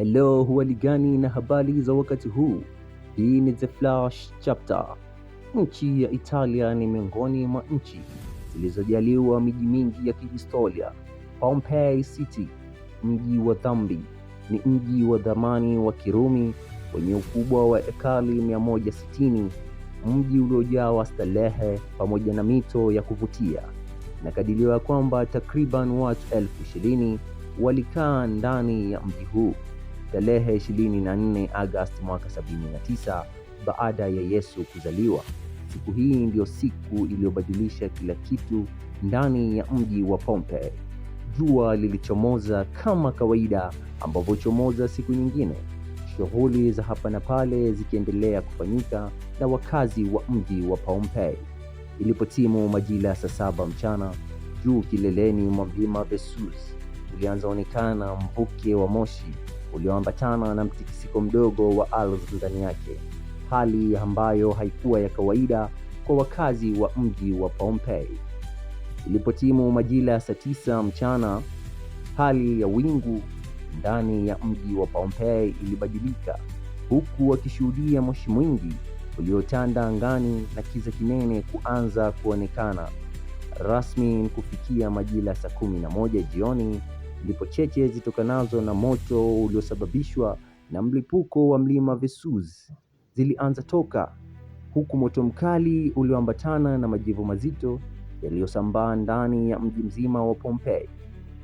Hello, huwa gani na habari za wakati huu. Hii ni The Flash Chapter. Nchi ya Italia ni miongoni mwa nchi zilizojaliwa miji mingi ya kihistoria. Pompeii City, mji wa dhambi, ni mji wa zamani wa Kirumi wenye ukubwa wa ekali 160, mji uliojawa starehe pamoja na mito ya kuvutia. Inakadiriwa kwamba takriban watu elfu ishirini walikaa ndani ya mji huu tarehe 24 Agosti mwaka 79 baada ya Yesu kuzaliwa. Siku hii ndiyo siku iliyobadilisha kila kitu ndani ya mji wa Pompeii. Jua lilichomoza kama kawaida ambavyo chomoza siku nyingine, shughuli za hapa na pale zikiendelea kufanyika na wakazi wa mji wa Pompeii. Ilipotimu majira ya saa saba mchana, juu kileleni mwa mlima Vesuvius ulianza onekana mvuke wa moshi ulioambatana na mtikisiko mdogo wa ardhi ndani yake, hali ambayo haikuwa ya kawaida kwa wakazi wa mji wa Pompeii. Ilipotimu majira ya saa tisa mchana, hali ya wingu ndani ya mji wa Pompeii ilibadilika, huku wakishuhudia moshi mwingi uliotanda angani na kiza kinene kuanza kuonekana rasmi. Kufikia majira saa kumi na moja jioni ndipo cheche zitokanazo na moto uliosababishwa na mlipuko wa mlima Vesuz zilianza toka, huku moto mkali ulioambatana na majivu mazito yaliyosambaa ndani ya mji mzima wa Pompeii.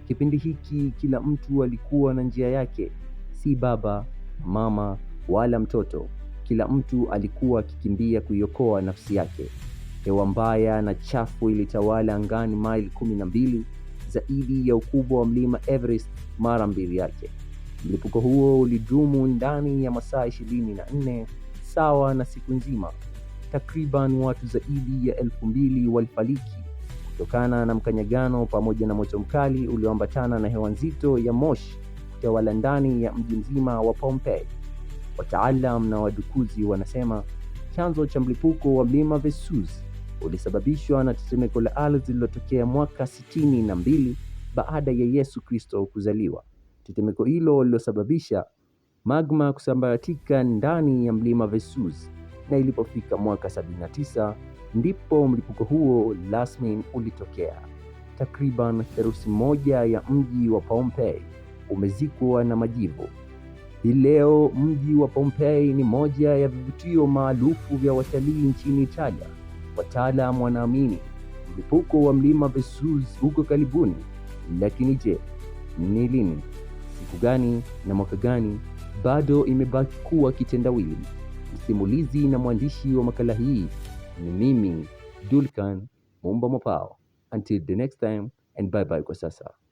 Kipindi hiki kila mtu alikuwa na njia yake, si baba, mama wala mtoto. Kila mtu alikuwa akikimbia kuiokoa nafsi yake. Hewa mbaya na chafu ilitawala angani maili kumi na mbili zaidi e ya ukubwa wa mlima Everest mara mbili yake. Mlipuko huo ulidumu ndani ya masaa ishirini na nne sawa na siku nzima. Takriban watu zaidi ya elfu mbili walifariki kutokana na mkanyagano pamoja na moto mkali ulioambatana na hewa nzito ya moshi kutawala ndani ya mji mzima wa Pompeii. Wataalam na wadukuzi wanasema chanzo cha mlipuko wa mlima Vesuvius ulisababishwa na tetemeko la ardhi lililotokea mwaka sitini na mbili baada ya Yesu Kristo kuzaliwa. Tetemeko hilo lilosababisha magma kusambaratika ndani ya mlima Vesus, na ilipofika mwaka 79 ndipo mlipuko huo rasmi ulitokea. Takriban theluthi moja ya mji wa Pompeii umezikwa na majivu. Hii leo mji wa Pompeii ni moja ya vivutio maarufu vya watalii nchini Italia. Wataalam wanaamini mlipuko wa mlima Vesuz uko karibuni, lakini je, ni lini, siku gani na mwaka gani? Bado imebaki kuwa kitendawili. Msimulizi na mwandishi wa makala hii ni mimi Dulkan Mumba Mwapao. Until the next time and bye bye kwa sasa.